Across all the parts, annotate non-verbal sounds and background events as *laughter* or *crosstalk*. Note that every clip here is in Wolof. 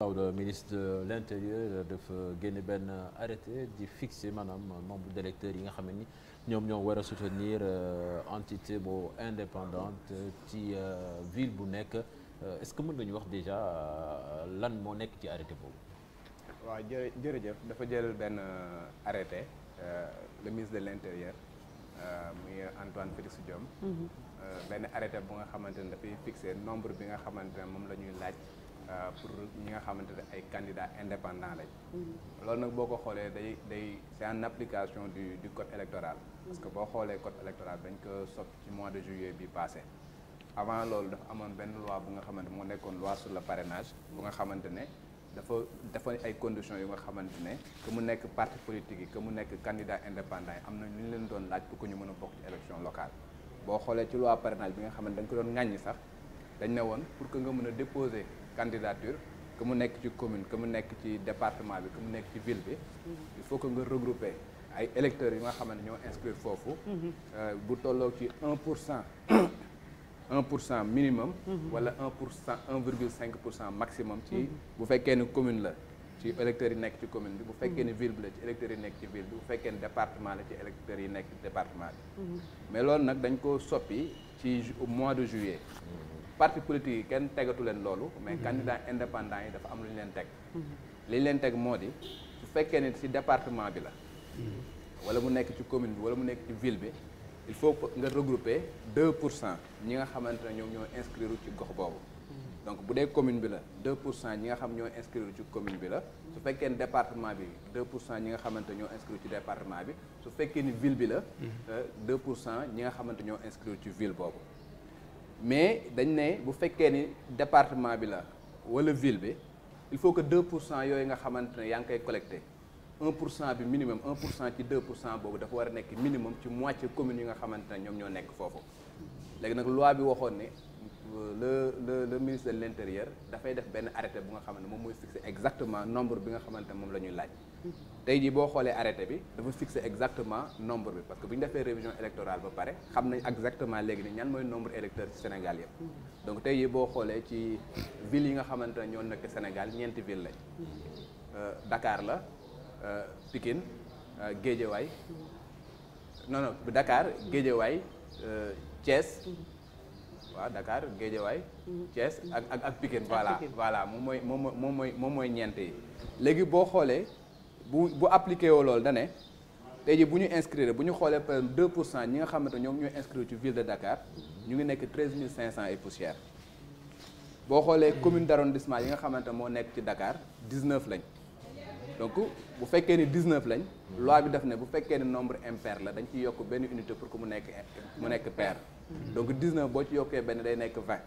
Daouda ministre de l'intérieur dafa euh, génne benn arrêté di fixer maanaam membre d'électeurs yi nga xam ni ñoom ñoo war a soutenir euh, entité bu indépendante ci euh, ville bu nekk est-ce que mën nga ñu wax déjà lan moo nekk ci arrêté boobu. waaw jërëjëf dafa jëlal benn arrêté le ministre de l'intérieur muy Antoine Félix Diome. Mhm. benn arrêté bu nga xamante ne dafay fixer nombre bi nga xamante ne moom la ñuy laaj. Euh, pour ñi nga xamante ne ay candidats indépendants lañ. Mm-hmm. loolu nag boo ko xoolee day day c'est en application du du code électoral. parce que boo xoolee code électoral dañ ko soppi ci mois de juillet bi passé. avant loolu dafa amoon benn loi bu nga xamante moo nekkoon loi sur le parrainage. bu nga xamante ne dafa dafa ay condition yu nga xamante ne que mu nekk parti politique yi que mu nekk candidat indépendant yi am na ñu leen doon laaj pour ko ñu mën a bokk ci élection locale. xoolee ci loi parrainage bi nga xamante dañ ko doon ŋàññi sax dañ ne woon pour que nga mën a déposer. candidature que mu nekk ci commune que mu nekk ci département bi que mu nekk ci ville bi mhm. il faut que nga regrouper ay électeurs yi nga xamante ñoo inscrire foofu mhm. euh, bu tolloo ci un pour cent un pour cent minimum mhm. wala un pour cent un cinq pour cent maximum ci bu fekkee ne commune la ci électeurs yi nekk ci commune bi bu fekkee ne ville bi la ci électeurs yi nekk ci ville bi bu fekkee ne département la ci électeurs yi nekk ci département bi mais loolu nag dañ ko soppi ci mois de juillet parti politique yi kenn tegatu leen loolu mais mhm. candidat indépendant yi dafa am lu ñu leen teg li ñu leen teg moo di su fekkee ne ci département bi la mhm. wala mu nekk ci commune bi wala mu nekk ci ville bi il faut nga regrouper 2 pour cent ñi nga xamante ne ñoom ñoo inscrire ci gox boobu mhm. donc bu dee commune bi la 2 pour cent ñi nga xam ñoo inscrire ci commune bi la su fekkee ne département bi 2 pour cent ñi nga xamante ñoo inscrire ci département bi su fekkee ni ville bi la 2 euh, pour cent ñi nga xamante ñoo inscrire ci ville boobu mais dañ ne bu fekkee ni département bi la wala ville bi il faut que 2 pour cent yooyu nga xamante ne yaa ngi koy collecté 1 pour cent bi minimum 1 pour cent ci 2 pour cent boobu dafa war a nekk minimum ci moitié commune yi nga xamante ne ñoom ñoo nekk foofu léegi nag loi bi waxoon ne. le le le ministre de dafay def benn arrêté bu nga xamante ne moom mooy fixé exactement nombre bi nga xamante ne moom la ñuy laaj tey jii boo xoolee arrêté bi dafa fixé exactement nombre bi parce que bu ñu defee révision électorale ba pare xam nañ exactement léegi ni ñan mooy nombre électeur ci Sénégal yëpp donc tey jii boo xoolee ci ville yi nga xamante ne ñoo nekk Sénégal ñeenti ville lañ euh, dakaar la euh, Pikine euh, Guédiawaye non non Dakar Guédiawaye waaw Dakar Guédiawaye Thiès mm-hmm. ak ak ak Pikine voilà voilà moom mooy moom moom mooy moom mooy ñeent yi léegi boo xoolee bu bu appliqué woo loolu dane tey jii bu ñu inscrire bu ñu xoolee par exemple 2 pour cent ñi nga xamante ñoom ñooy inscrire ci ville de Dakar ñu ngi nekk 13 500 et poussière boo xoolee commune d' arrondissement yi nga xamante moo nekk ci Dakar 19 lañ donc bu fekkee ni 19 lañ loi bi def ne bu fekkee ni nombre impair la dañ ciy yokk benn unité pour que mu nekk mu nekk pair Mm-hmm. donc 19 boo ci yokkee benn day nekk 20.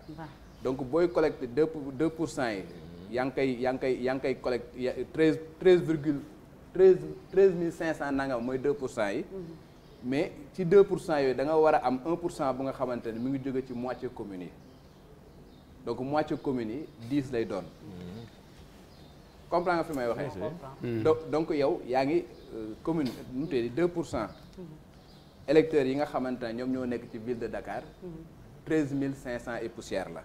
donc booy collecté 2 pour 2 pour cent yi. yaa ngi koy yaa ngi koy yaa ngi koy collecté 13 13 virgule 13 13 500 nangam mooy deux pour cent yi. Mm-hmm. mais ci 2 pour cent yooyu da nga war a am 1 pour cent bu nga xamante ne mu ngi jóge ci moitié commune yi donc moitié commune yi dis lay doon. Mm-hmm. comprends nga fi may waxee. donc yow yaa ngi euh, commune nu mu tee 2 pour cent. électeurs yi nga xamante ne ñoom ñoo nekk ci ville de Dakar treize mille cinq cent et poussière la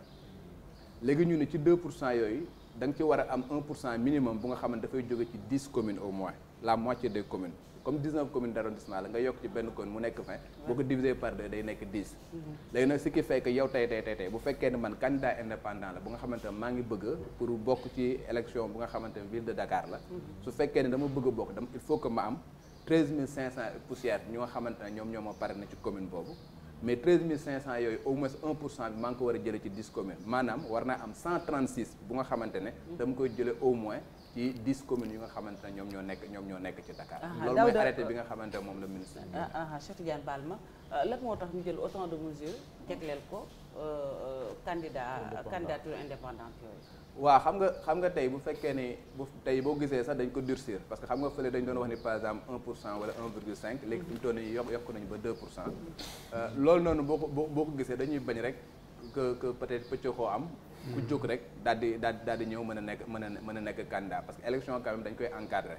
léegi ñu ni ci deux pour cent yooyu da ci war a am un pour cent minimum bu nga xam ne dafay jóge ci dix commune au mois la moitié des communes comme dix neuf communes d' la nga yokk ci benn commune mu nekk vingt boo ko diviser par day nekk dix mm-hmm. léegi nag si ki fekk que yow tey tey tey bu fekkee ne man candidat indépendant la bu nga xamante ne maa ngi bëgg pour bokk ci élection bu nga xamante ne ville de Dakar la mm-hmm. su fekkee ne dama bëgg bokk dama il faut que ma am treize mille cinq cent poussière ñoo xamante ne ñoom ñoo ma pare na ci commune boobu mais treize mille cinq cent yooyu au moins un pour cent bi maa ngi ko war a jëlee ci dix communes maanaam war naa am cent trente six bu nga xamante ne mm. dama koy jëlee au moins ci dix communes yu nga xamante ñoom ñoo nekk ñoom ñoo nekk ci Dakar ah, loolu mooy arrêté bi nga xamante ne moom la ministre ah, ah, ah Cheikh Tidiane Balma euh, lan moo tax ñu jël autant de mesures tegleel ko euh, euh, candidat waaw xam nga xam nga tey bu fekkee ne bu tey boo gisee sax dañ ko durcir parce que xam nga fële dañ doon wax ni par exemple 1 pour cent wala 1 virgule 5 léegi fi mu toll nii yokk nañu ba 2 pour cent euh, loolu noonu boo ko boo ko gisee dañuy bañ rek que que peut-être pëccoo koo am. ku jóg rek daal di daal di ñëw mën a nekk mën a mën nekk candidat parce que élection quand dañ koy encadrer.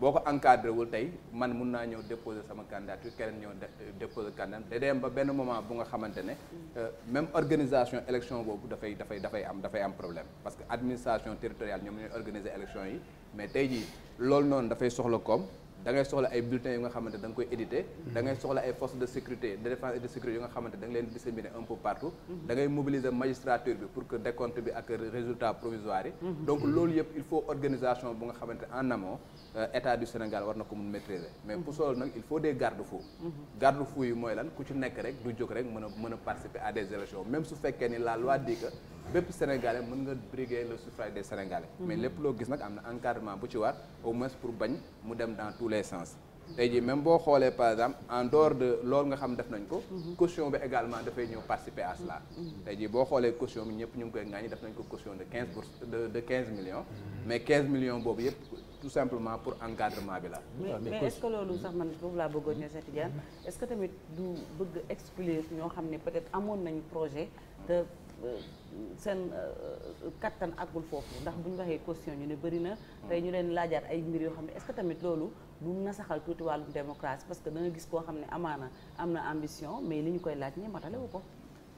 boo ko encadré wul tey man mun naa ñëw déposer sama candidature keneen ñëw euh, déposer candidature day dem ba benn moment bu nga xamante ne euh, même organisation élection boobu dafay dafay dafay am dafay am problème parce que administration territoriale ñoom ñooy organiser élection yi mais tey jii loolu noonu dafay soxla koom da soxla ay bulletins yu nga xamante da koy édité mm-hmm. da soxla ay forces de sécurité de défense de sécurité yu nga xamante da nga leen disséminer un peu partout mm-hmm. da mobiliser magistrature bi pour que décompte bi ak résultat provisoire yi mm-hmm. donc loolu yëpp il faut organisation bu nga xamante en amont euh, état du Sénégal war na ko mun maîtriser mais pour nag il faut des garde-fous garde-fous yi mooy lan ku ci nekk rek du jóg rek mën a mën a participer les sens tey jii même boo xoolee par exemple en dehors de loolu nga xam def nañ ko mhm. caution bi également dafay ñëw participer à cela mhm. Mhm. tey jii boo xoolee caution bi ñëpp ñu ngi koy ŋaañi def nañ ko caution de quinze pour de de quinze millions mais quinze millions boobu yëpp tout simplement pour encadrement bi la mais est-ce loolu sax man foofu laa bëggoon ñoo seeti Diane est-ce que tamit du bëgg exclure ñoo xam ne peut-être amoon nañu projet te euh, seen euh, kattan àggul foofu ndax bu ñu waxee caution ñu ne bëri na tey ñu leen laajaat ay mbir yoo xam ne est tamit loolu mu nasaxal tuuti wàllum démocratie parce que da gis koo xam ne amaana am na ambition mais li ñu koy laaj ñi matale wu ko.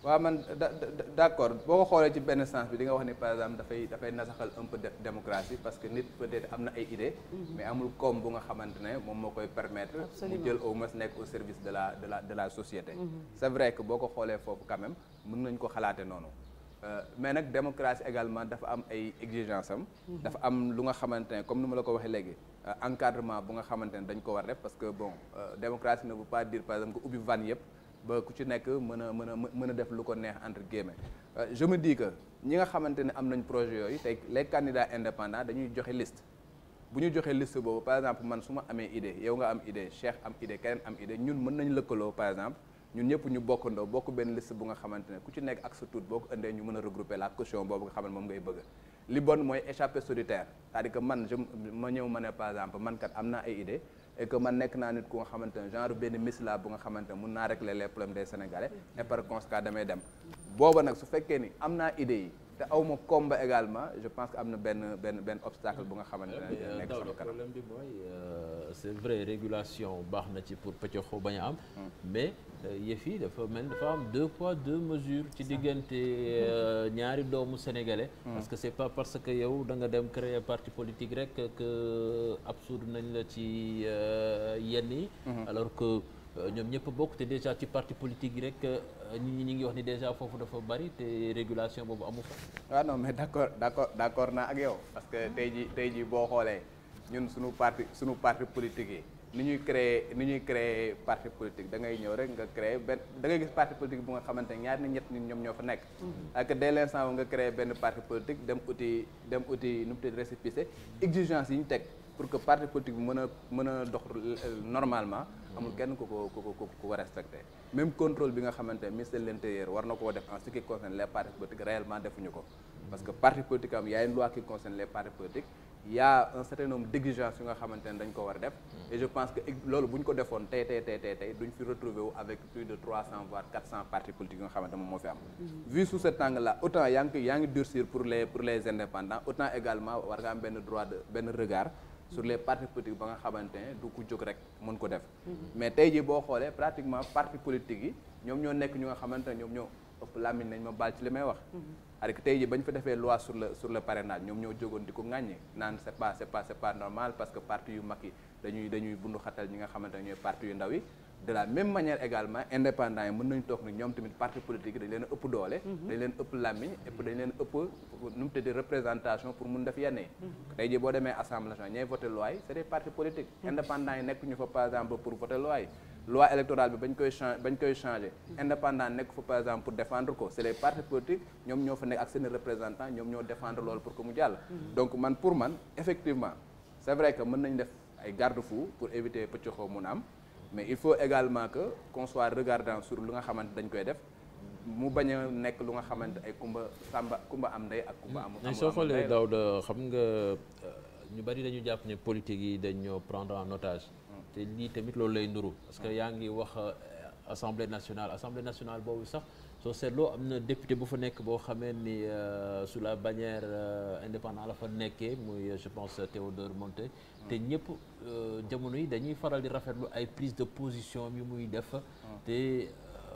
waaw man da d'accord boo ko xoolee ci benn sens bi di nga wax ni par exemple dafay dafay nasaxal un peu démocratie parce que nit peut-être am na ay idées. Mhm. mais amul koom bu nga xamante ne moom moo koy permettre. mu jël au moins nekk au service de la de la de la société. Mhm. c'est vrai que boo ko xoolee foofu quand même mën nañ ko xalaate noonu. Euh, mais nag démocratie également dafa am ay exigence am dafa am lu nga xamante ne comme ni ma la ko waxee léegi euh, encadrement bu nga xamante ne dañ ko war def parce que bon euh, démocratie na veut pas dire par exemple que ubbi van yëpp ba ku ci nekk mën a mën a mën a def lu ko neex entre guillemets je me dis ñi nga xamante ne am nañ projet yooyu te les candidats indépendant dañuy joxe list bu ñu joxee liste boobu par exemple man su ma amee idée yow nga am idée Cheikh am idée am idée ñun mën nañ lëkkaloo par exemple ñun ñëpp ñu bokkandoo bokk benn liste bu nga xamante ne ku ci nekk ak sa tuut boo ko indee ñu mën a regrouper la caution boobu nga xam ne moom ngay bëgg li bon mooy échappé solitaire cest à man je ma ñëw ma ne par exemple man kat am na ay idée et que man nekk naa nit ku nga xamante ne genre benn miss la bu nga xamante ne mun naa régler les problèmes des sénégalais et par conséquent damay dem booba nag su fekkee ni am naa idée yi te aw ma combat également je pense que am na benn benn benn obstacle bu nga xamante ne euh, nekk sama kanam problème bi mooy euh, c'est vrai régulation baax na ci pour pëccoxoo bañ a am hmm. mais euh, yëf yi dafa mel dafa am deux poids deux mesures ci diggante ñaari doomu sénégalais hmm. parce que c'est pas parce que yow danga nga dem créer parti politique rek que absurde nañ la ci yenn yi hmm. alors que ñoom ñëpp bokk te déjà ci parti politique yi rek euh, nit ñi ñu ngi wax ni déjà foofu dafa bari te régulation boobu amu fa. waaw ah non mais d'accord d'accord d'accord naa ak yow parce que tey ji tey jii boo xoolee ñun suñu parti suñu parti politique yi ni ñuy créer ni ñuy créer parti politique da ngay ñëw rek nga crée benn da ngay gis parti politique bu nga xamante ñaar ni ñett ñun ñoom ñoo fa nekk. Mm-hmm. ak dès l'instant nga créer benn parti politique dem uti dem uti nu mu yi ñu teg. pour que parti politique bi mën a mën a dox normalement amul kenn ku ko ku ko ko respecté même contrôle bi nga xamante ne l'intérieur war na koo def en ce qui concerne les partis politiques réellement defuñu ko parce politique am y loi qui concerne les partis politiques y un certain nombre d'exigences yu nga xamante ne dañ ko war def et je pense que loolu bu ko defoon tey tey tey duñ fi retrouver wu avec plus de trois cent voire quatre cent sur les partis politiques ba nga xamante ne du ko jóg rek mën ko def. Mhm. mais tey jii boo xoolee pratiquement partis politiques yi ñoom ñoo nekk ñu nga xamante ne ñoom ñoo ëpp làmmiñ nañ ma baal ci li may wax. parce mhm. que tey jii ba ñu fa defee loi sur le sur pare parrainage ñoom ñoo jógoon di ko ŋàññi naan c'est pas c'est pas normal parce que parti yu mag yi dañuy dañuy bundu xatal ñi nga xamante ne ñooy parti yu ndaw yi. de la même manière également indépendants yi mën nañu toog ni ñoom tamit parti politique dañ leen ëpp doole mhm. dañ leen ëpp làmmiñ ëpp dañ leen ëpp nu mu tuddee représentation pour mun def yenn yi mhm. tey jii boo demee assemblée ñooy voté loi yi c'est des partis politiques mhm. indépendants yi nekk fa par exemple pour voté loi yi loi électorale bi bañ koy chang changé indépendant nekk fa par exemple pour défendre ko c'est les partis politiques ñoom ñoo fa nekk ñoom ñoo défendre loolu pour que mu jàll donc man pour man effectivement c'est vrai que nañ def ay garde-fou pour éviter am mais il faut également que qu'on soit regardant sur lu nga xamante dañ koy def mu bañ a nekk lu nga xamante ay kumba sàmba kumba am ndey ak kumba am mais soo xoolee xam nga euh, ñu bari dañu jàpp ne politique yi dañoo prendre en notage mm. te lii tamit loolu lay nduru parce que mm. yaa ngi wax euh, assemblée nationale assemblée nationale boobu sax soo seetloo am na député bu fa nekk boo xamee ni euh, su la bannière euh, indépendant la fa nekkee muy euh, je pense Théodore Monté te ñëpp jamono yi dañuy faral di rafetlu ay prise de position yu muy def te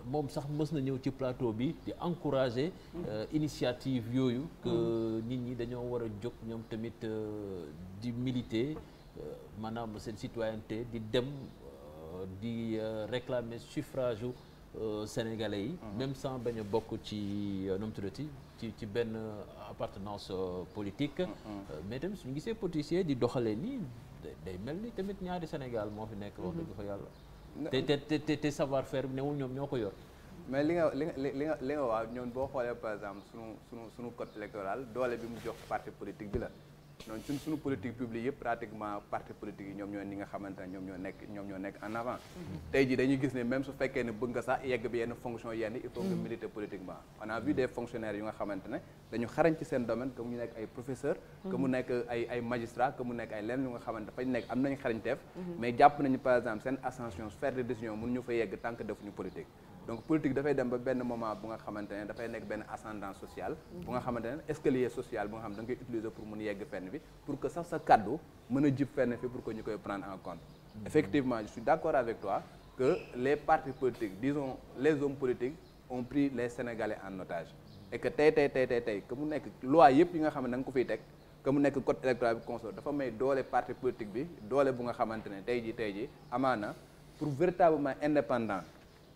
moom sax mës na ñëw ci plateau bi di encourager initiative yooyu que nit ñi dañoo war a jóg ñoom tamit di militer maanaam seen citoyenneté di dem di réclamer suffrage Euh, sénégalais yi. Mhm. même sans bañ a bokk ci euh, nu mu tuddati ci ci benn appartenance euh, politique. Mhm. mais tamit suñu gisee politicien di doxalee nii day mel ni tamit ñaari Sénégal moo fi nekk. wax mhm. dëgg fa yàlla. te te te te fair bi newul ñoom ñoo ko yor. mais li nga li nga li nga li nga waaw ñoom boo xoolee par exemple suñu sunu sunu code électoral doole bi mu jox parti politique bi la. donc suñ suñu politique publique yëpp pratiquement parti politique yi ñoom ñoo ñi nga xamante ne ñoom ñoo nekk ñoom ñoo nekk en avant mm-hmm. tey jii dañuy gis ne même su fekkee ne bëgg nga sax yegg bi yenn fonction yenn il faut nga mm-hmm. militer politiquement on a vu des fonctionnaires yu nga xamante ne dañu xarañ ci seen domaine que mu nekk ay professeur que mu mm-hmm. nekk ay magistrat que mu nekk ay lenn yu nga xamante fañ nekk am nañ xarañteef mais jàpp nañu par exemple seen ascension donc politique dafay dem ba benn moment bu nga xamante ne dafay nekk benn ascendance sociale bu nga xamante escalier social bu nga xam ne da nga koy utiliser pour mun yegg fenn fi pour que sax sa kàddu mën a jib fenn fi pour que ñu koy prendre en compte effectivement je suis d'accord avec toi que les partis politiques disons les hommes politiques ont pris les Sénégalais en otage et que tey tey tey tey tey mu nekk loi yëpp yi nga xam ne da nga ko fiy teg mu nekk code électoral bi dafa may doole parti politique bi doole bu nga xamante ne tey ji tey ji amaana pour véritablement indépendant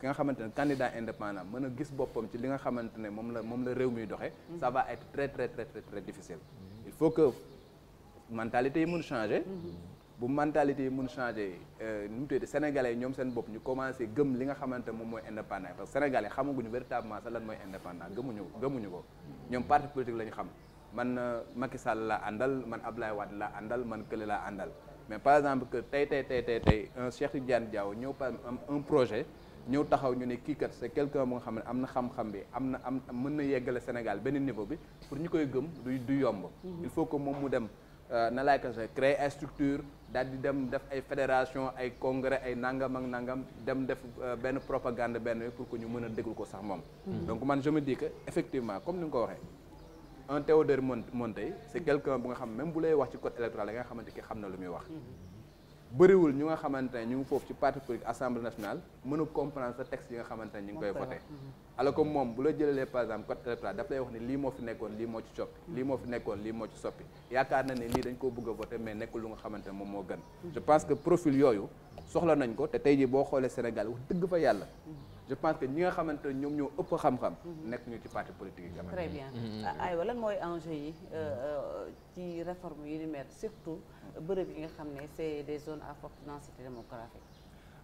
ki nga xamante ne candidat indépendant mën a gis boppam ci li nga xamante ne moom la moom la réew miy doxe ça va être très très très très, très difficile il faut que mentalité yi mun changer bu mentalité yi mun changer euh, nu mu tuddee sénégalais ñoom seen bopp ñu commencé gëm li nga xamante moom mooy indépendant parce que sénégalais xamaguñu véritablement sax lan mooy indépendant gëmuñu gëmuñu ko ñoom parti politique la ñu xam man euh, Macky Sall la àndal man ab Wade la àndal man Kële la àndal mais par exemple tey tey tey tey tey Diaw ñëw par am un projet ñëw taxaw ñu ne kii kat c'est quelqu'un bu nga xam ne am na xam-xam bi am na am mën na yeggale Sénégal benn niveau bi pour ñu koy gëm du du yomb mhm. il faut que moom mu dem euh, na laay kase créer ay structure daal di dem def ay fédération ay congrès ay nangam ak nangam dem def euh, benn propagande benn pour que ñu mën a déglu ko sax moom mhm. donc man je me dis effectivement comme ni nga ko waxee un Théodore Monteil c'est quelqu'un bu nga xam même bu lay wax ci code électoral da nga xamante ki xam na lu muy wax mhm. bariwul ñu nga xamante ne ñu ngi foofu ci parti politique assemblée nationale sa texte yi nga xamante ne ñu ngi koy voté mhm. alors que moom bu la jëlalee par exemple code électoral daf lay wax ne lii moo fi nekkoon lii moo ci soppi mhm. lii moo fi nekkoon lii moo ci soppi yaakaar na ne lii dañ koo bëgg a voté mais nekkul lu nga xamante ne moom moo gën mhm. je pense que profil yooyu soxla nañ ko te tey jii boo xoolee Sénégal wax dëgg fa yàlla je pense que ñi nga xamante ne ñoom ñoo ëpp xam-xam. nekk ñu ci parti politique yi. très bien mm-hmm. ah, aywa lan mooy enjeu yi euh, euh, ci réforme yu ni mel surtout bërëb yi nga xam ne c'est des zones à forte densité démographique.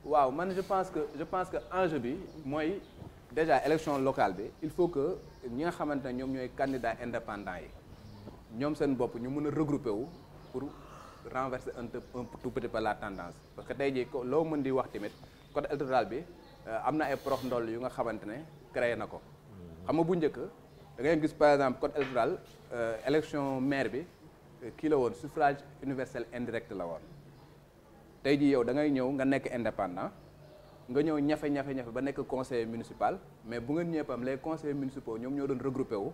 waaw man je pense que je pense que enjeu bi mooy déjà élection locale bi il faut que ñi nga xamante ne ñoom ñooy candidats indépendants yi ñoom seen bopp ñu mën a regrouper wu pour renverser un tout petit peu la tendance parce que tey jii loo mën di wax tamit code électoral bi. Euh, am na ay prox ndoll yu nga xamante ne créé na ko xam nga bu njëkk da ngay gis par exemple code électoral euh, élection maire bi euh, kii la woon suffrage universel indirect la woon tey jii yow da ngay ñëw nga nekk indépendant nga ñëw ñafe-ñafe-ñafe ba nekk conseiller municipal mais bu ngeen ñëppam les conseillers municipaux ñoom ñoo doon regroupé wu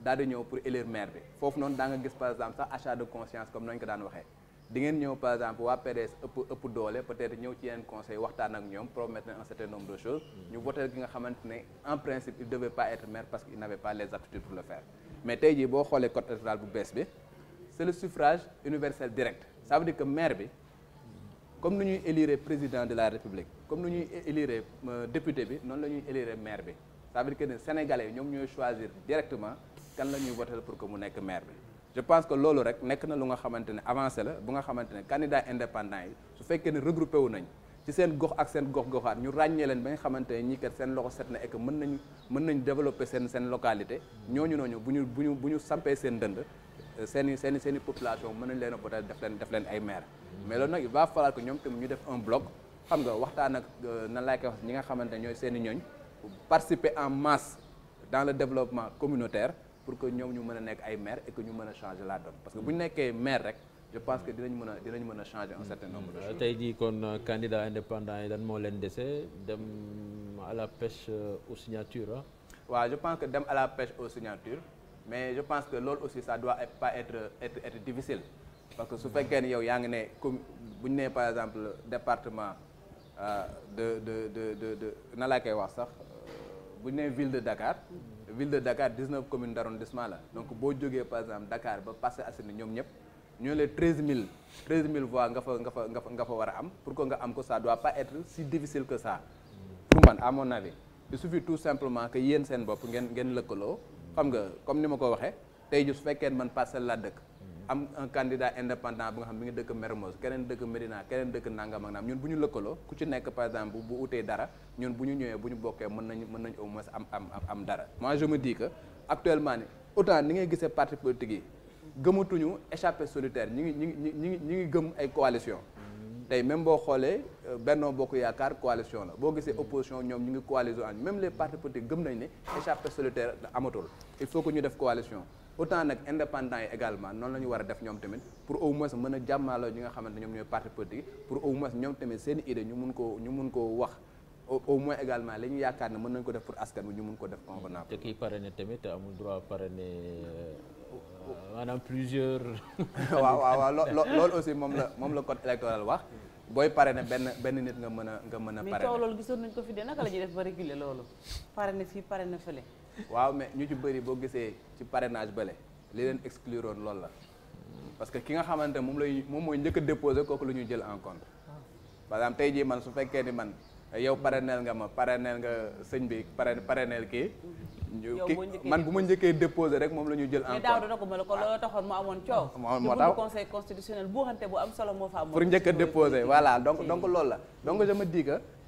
daal di ñëw pour élire maire bi foofu noonu daa gis par exemple sax achat de conscience comme nañ ko daan waxee di ngeen ñëw par exemple waa PDS ëpp ëpp doole peut-être ñëw ci yeneen conseil waxtaan ak ñoom promettre un certain nombre de choses mm-hmm. ñu voté ki nga xamante ne en principe il devait pas être maire parce qu'il n'avait pas les aptitudes pour le faire mais tey jii boo xoolee code électoral bu bees bi c'est le suffrage universel direct ça veut dire que maire bi comme nu ñuy élire président de la république comme nu ñuy élire euh, député bi noonu la ñuy élire maire bi ça veut dire que ñoom ñooy choisir directement kan la ñuy voter pour que mu nekk maire bi je pense que loolu rek nekk na lu nga xamante ne avancé la bu nga xamante ne candidat indépendant yi su fekkee ne regroupé wu nañ ci seen gox ak seen gox goxaat ñu ràññee leen ba nga xamante ne ñii kat seen loxo set na et que mën nañu mën nañ développer seen seen localité ñooñu nooñu bu ñu bu ñu bu ñu sampee seen dënd euh, seen i seen i population mën nañ leen a voter def leen def leen ay maire mais loolu nag il va falloir que ñoom tamit ñu def un bloc xam nga waxtaan ak euh, nan laay ko wax ñi nga xamante ne ñooy seen i ñooñ en masse dans le développement communautaire pour que ñoom ñu mën a nekk ay maire et que ñu mën a changer la donne parce que bu ñu nekkee maire rek je pense que dinañ mën a dinañ a changer un certain nombre de euh, choses. tey jii kon euh, candidat indépendant yi lan moo leen dese dem à la pêche euh, aux signatures waaw je pense que dem à la pêche aux signatures mais je pense que loolu aussi ça doit pas être être être difficile parce que su fekkee ne yow yaa ngi ne comme bu ñu nee par exemple département de de de de de na laa koy wax sax bu ñu de Dakar. ville de Dakar 19 communes d'arrondissement la donc boo jógee par exemple Dakar ba Parcelles Assainies ñoom ñëpp ñoo les 13000 13000 voix nga fa nga fa nga fa nga fa war a am pour que nga am ko ça doit pas être si difficile que ça pour man à seen bopp ngeen lëkkaloo xam nga comme ni ma ko waxee tey ji su fekkee man parcelle laa dëkk am un candidat indépendant bu nga xam mi ngi dëkk Mermoz keneen dëkk Médina keneen dëkk nangam ak naam ñun bu ñu lëkkaloo ku ci nekk par exemple bu utee dara ñun bu ñu ñëwee bu ñu bokkee mën nañu mën nañu au moins am am am dara moi je me dis que actuellement ni autant ni ngay gisee parti politique yi gëmatuñu échappé solitaire ñi ngi ñi ngi ñi ngi ñi ngi gëm ay coalition tey même boo xoolee euh, Benno Bokk Yaakaar coalition la boo gisee opposition ñoom ñu ngi coalition même les partis politiques gëm nañ ne échappé solitaire amatul il faut que ñu def coalition autant nag indépendant yi également noonu la ñu war a def ñoom tamit pour au moins mën a jàmmaaloo ñi nga xamante ñoom ñooy parti politique pour au moins ñoom tamit seen idée ñu mun koo ñu mun koo wax au moins également li ñu yaakaar ne mën nañ ko def pour askan wi ñu mun ko def convenable. te kiy parrainé tamit amul droit parrainé euh, maanaam plusieurs. *laughs* waaw waaw waaw loolu aussi moom la moom la code électoral wax. booy parrainé benn benn nit nga mën a nga mën a. parrainé mais coow loolu gisoon ko fi de naka la ñuy def ba réguler loolu. parrainé fii parrainé waaw mais ñu ci bëri boo gisee ci parenage ba le li leen exclure woon loolu la parce que ki nga xamante moom lay moom mooy njëkk a déposé kooku lu ñu jël en compte par tey jii man su fekkee ni man yow parrainel nga ma parrainel nga sëñ bi parrainel kii man bu ma njëkkee déposé rek moom la ñu jël en compte daaw dana ko ma la ko loolu ah, bu xante bu am solo moo fa amoon pour njëkk a déposé voilà donc mm. donc loolu la donc je me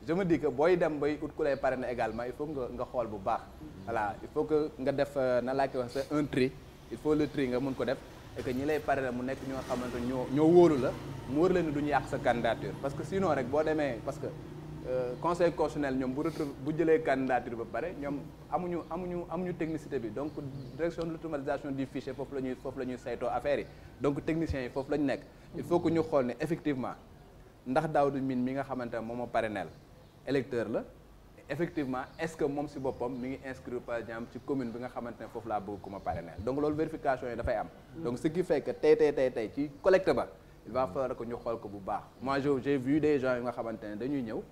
je me dis que booy dem bay ut ku lay parrainer également il faut nga nga xool bu baax voilà il faut que nga def euh, na laa koy waxee un il faut le tri nga mun ko def et que ñi lay parrainer mu nekk ñoo xamante ñoo ñoo wóolu la mu wóor la ni du ñu yàq sa candidature parce que sinon rek boo demee parce que euh, conseil constitutionnel ñoom bu retrouve bu jëlee candidature ba pare ñoom amuñu amuñu amuñu technicité bi donc direction de l'automatisation du fichier foofu la ñuy foofu la ñuy saytoo affaire yi donc techniciens yi foofu la nekk il faut que ñu xool ne effectivement ndax Daouda Mine mi nga xamante ne moom moo parrainer électeur la effectivement est-ce que moom si boppam mu ngi inscrire par exemple ci commune bi nga xamante ne foofu laa bëgg ku ma parrainer donc loolu vérification yi dafay am mm. donc ce qui fait tey tey tey tey ci collecte ba il va mm. falloir que ñu xool ko bu baax moi j'ai vu des gens yu nga xamante ne dañuy ñëw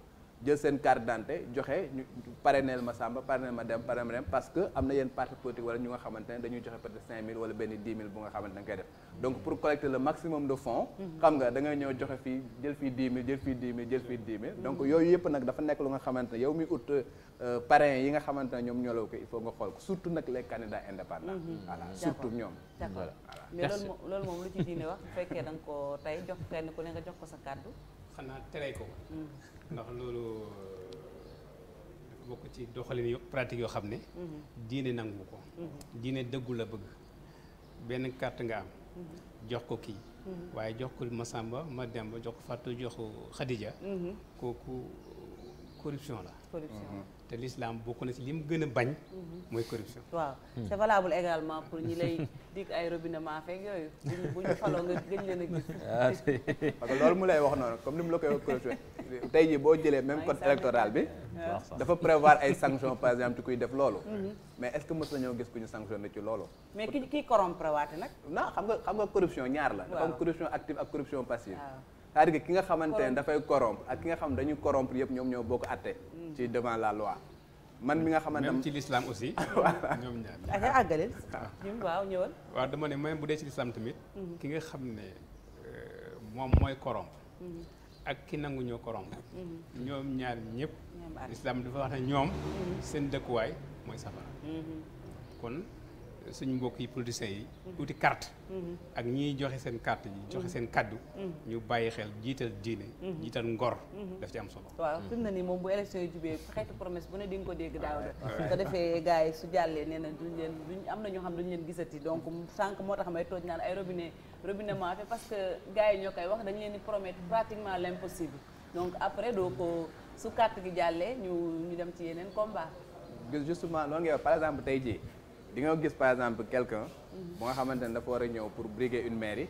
jël seen carte d'identité joxe ñu parrainel ma Samba parrainel ma dem parrainel ma dem parce que am na yenn parti politique wala ñu nga xamante ne dañuy joxe peut-être 5000 wala benn 10 000 bu nga xamante ne koy def donc pour collecter le maximum de fonds mhm. xam nga da ngay ñëw joxe fii jël fii 10 000 jël fii 10 000 jël fii 10 000 donc mhm. yooyu yëpp nag dafa nekk lu nga xamante ne yow mi ut euh, parrain yi nga xamante ne ñoom ñoo la ko il faut nga xool ko surtout nag les candidats indépendants mhm. voilà surtout ñoom voilà mais loolu moom lu ci diine wax bu fekkee da nga ko tey jox kenn ku ne nga jox ko sa kàddu xanaa tere ko mm-hmm. ndax loolu euh, dafa bokk ci doxalin yu pratique yoo xam ne mm-hmm. diine nangu ko mm-hmm. diine dëggu la bëgg benn carte nga am jox ko kii waaye jox ko Masamba ma Demba jox ko Fatou jox ko kooku corruption la. corruption mhm. te l'islam bokk na ci li mu gën a bañ. Mhm. mooy corruption. waaw hmm. c'est valable également pour ñi lay dig ay robinet maa yooyu bu ñu faloo nga gëj leen a gis. *laughs* Ah, *laughs* mu lay wax noonu comme ni mu la koy wax corruption tey jii boo jëlee même code électoral bi. Ah. dafa prévoir ay sanctions par exemple ci kuy def loolu. Mhm. mais est-ce que mës nañoo gis ku ñu sanctionné ci loolu. mais ki ki corrompre waate nag. non xam nga xam nga corruption ñaar la. dafa am corruption active ak corruption passive. Ah. cest à ki nga xamante ne dafay corrompre ak ki nga xam dañuy corrompre yëpp ñoom ñoo bokk àtte ci devant la loi man mi nga xamante même ci l'islam aussi *laughs* ñoom ñaar ak ah, ah, àggaleel ah. waaw ñëwal waaw dama ne même bu dee ci l'islam tamit mhm. ki nga xam ne euh, moom mooy corrompre mhm. ak ki nangu ñoo corrompre mhm. ñoom ñaar ñëpp l'islam dafa wax ñoom seen dëkkuwaay mooy safara suñu mbokk yi politiciens yi mm-hmm. uti carte mm-hmm. ak ñiy joxe seen carte yi joxe mm-hmm. seen kaddu ñu bàyyi xel jiital diine jiital ngor daf ci am solo waaw fi mu ne nii moom bu élection yi jubee xeetu promesse bu ne di ko dégg ah, daaw ah, ah. su jàllee gi jàllee ñu ñu dem ci yeneen combat justement loolu nga par exemple tey jii di nga gis par exemple quelqu'un bu nga xamante ne dafa war a ñëw pour briguer une mairie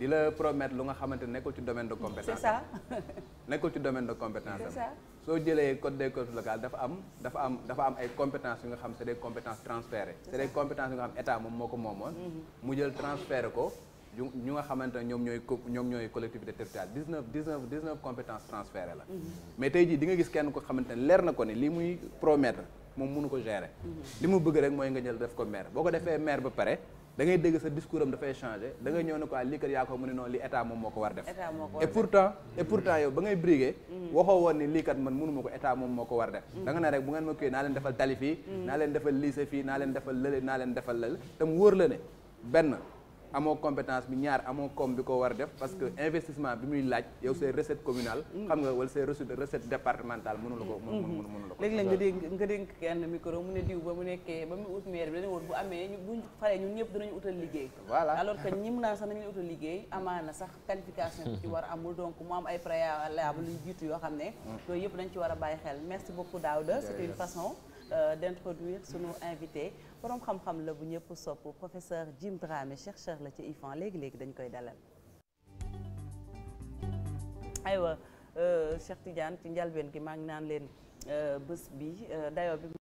di la promettre lu nga xamante ne ci domaine de compétence c'est ça *laughs* nekkul de compétence soo jëlee code des collectivités locales dafa am dafa am dafa am ay compétences yu nga xam c'est des compétences transférées c'est des compétences yu nga xam état moom moo ko moomoon mhm. mu jël transféré ko ñu nga xamante ne ñoom ñooy ñoom ñooy collectivité territoriale 19 19 19 compétences transférées la mhm. mais tey jii di nga gis kenn ko xamante ne leer na ko ne li muy moom mënu ko gérer. li mu bëgg rek mooy nga jël def ko maire boo ko defee maire ba pare da ngay dégg sa discours am dafay changé da ngay ñëw ne quoi ah, lii kat yaa ko mu ne noonu li état moom moo ko war def. et pourtant et pourtant yow ba ngay briguer. Mm. waxoo woon ni lii kat man mënuma ko état moom moo ko war def. Mm. da nga ne rek bu ngeen ma kiiyee naa leen defal tali fii. Mm. naa leen defal lycée fii naa leen defal lële naa leen defal benn amoo compétence bi ñaar amoo com bi ko war def parce que investissement bi muy laaj yow c'est recette communale mm-hmm. xam nga wala c'est recette recette départementale mënu la ko mënu mënu mënu la ko mm-hmm. léeg-léeg nga dénk nga dénk kenn micro mu ne diw ba mu nekkee ba mu ut maire bi dañu woon bu amee bu faree ñun ñëpp danañu utal liggéey voilà alors que ñi mu sax nañu utal liggéey amaana sax qualification bi ci war amul donc mu am ay préalable luñ jiitu yoo xam ne loolu mm. yëpp dañ ci war a bàyyi xel merci beaucoup Daouda c'était une façon euh, d'introduire sunu invité boroom xam-xam la bu ñëpp sopp professeur Jim Dramé chercheur la ci IFAN léegi-léegi dañ koy dalal aywa euh, Cheikh Tidiane ci njalbeen gi maa ngi naan leen euh, bés bi euh, dayoo bi